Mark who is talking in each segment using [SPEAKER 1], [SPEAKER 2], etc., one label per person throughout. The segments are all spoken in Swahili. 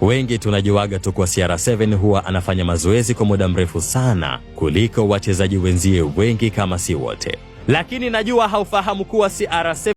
[SPEAKER 1] Wengi tunajuaga tu kwa CR7 huwa anafanya mazoezi kwa muda mrefu sana kuliko wachezaji wenzie wengi kama si wote, lakini najua haufahamu kuwa CR7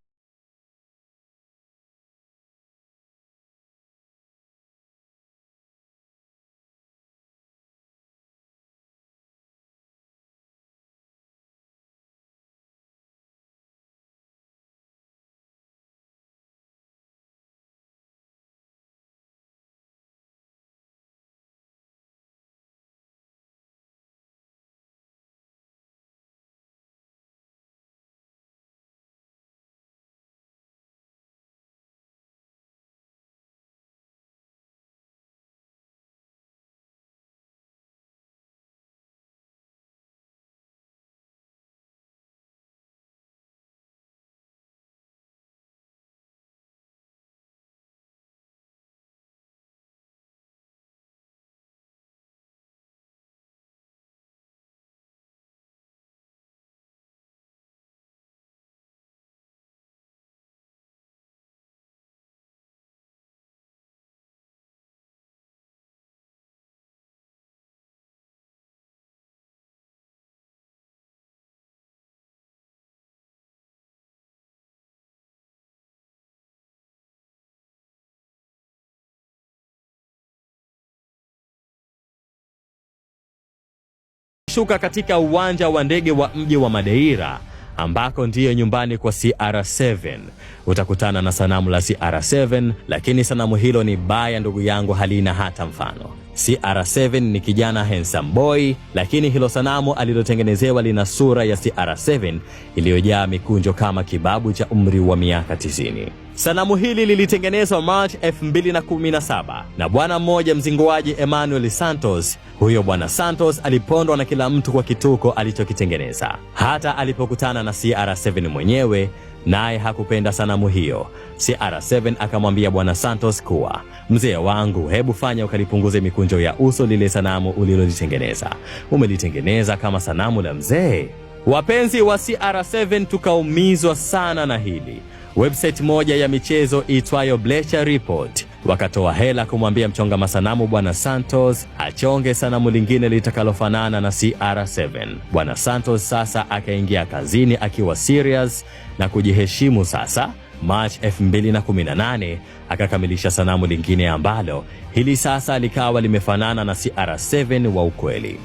[SPEAKER 1] Shuka katika uwanja wa ndege wa mji wa Madeira ambako ndiyo nyumbani kwa CR7. Utakutana na sanamu la CR7, lakini sanamu hilo ni baya, ndugu yangu, halina hata mfano. CR7 ni kijana handsome boy, lakini hilo sanamu alilotengenezewa lina sura ya CR7 iliyojaa mikunjo kama kibabu cha umri wa miaka 90. Sanamu hili lilitengenezwa March 2017 na bwana mmoja mzinguaji Emmanuel Santos. Huyo bwana Santos alipondwa na kila mtu kwa kituko alichokitengeneza. Hata alipokutana na CR7 mwenyewe naye hakupenda sanamu hiyo. CR7 akamwambia Bwana Santos kuwa mzee wangu, hebu fanya ukalipunguze mikunjo ya uso lile sanamu ulilolitengeneza. Umelitengeneza kama sanamu la mzee. Wapenzi wa CR7 tukaumizwa sana na hili. Website moja ya michezo itwayo Bleacher Report wakatoa hela kumwambia mchonga masanamu Bwana Santos achonge sanamu lingine litakalofanana na CR7. Bwana Santos sasa akaingia kazini akiwa serious na kujiheshimu sasa. March 2018 akakamilisha sanamu lingine ambalo hili sasa likawa limefanana na CR7 wa ukweli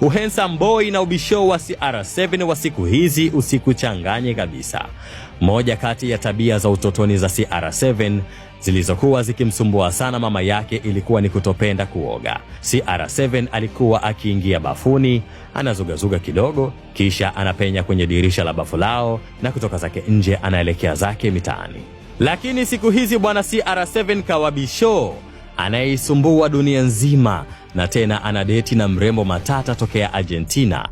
[SPEAKER 1] uhensa mboi na ubisho wa CR7 wa siku hizi usikuchanganye kabisa. Moja kati ya tabia za utotoni za CR7 zilizokuwa zikimsumbua sana mama yake ilikuwa ni kutopenda kuoga. CR7 alikuwa akiingia bafuni anazugazuga kidogo, kisha anapenya kwenye dirisha la bafu lao na kutoka zake nje anaelekea zake mitaani. Lakini siku hizi bwana CR7 kawabisho anayeisumbua dunia nzima na tena anadeti na mrembo matata tokea Argentina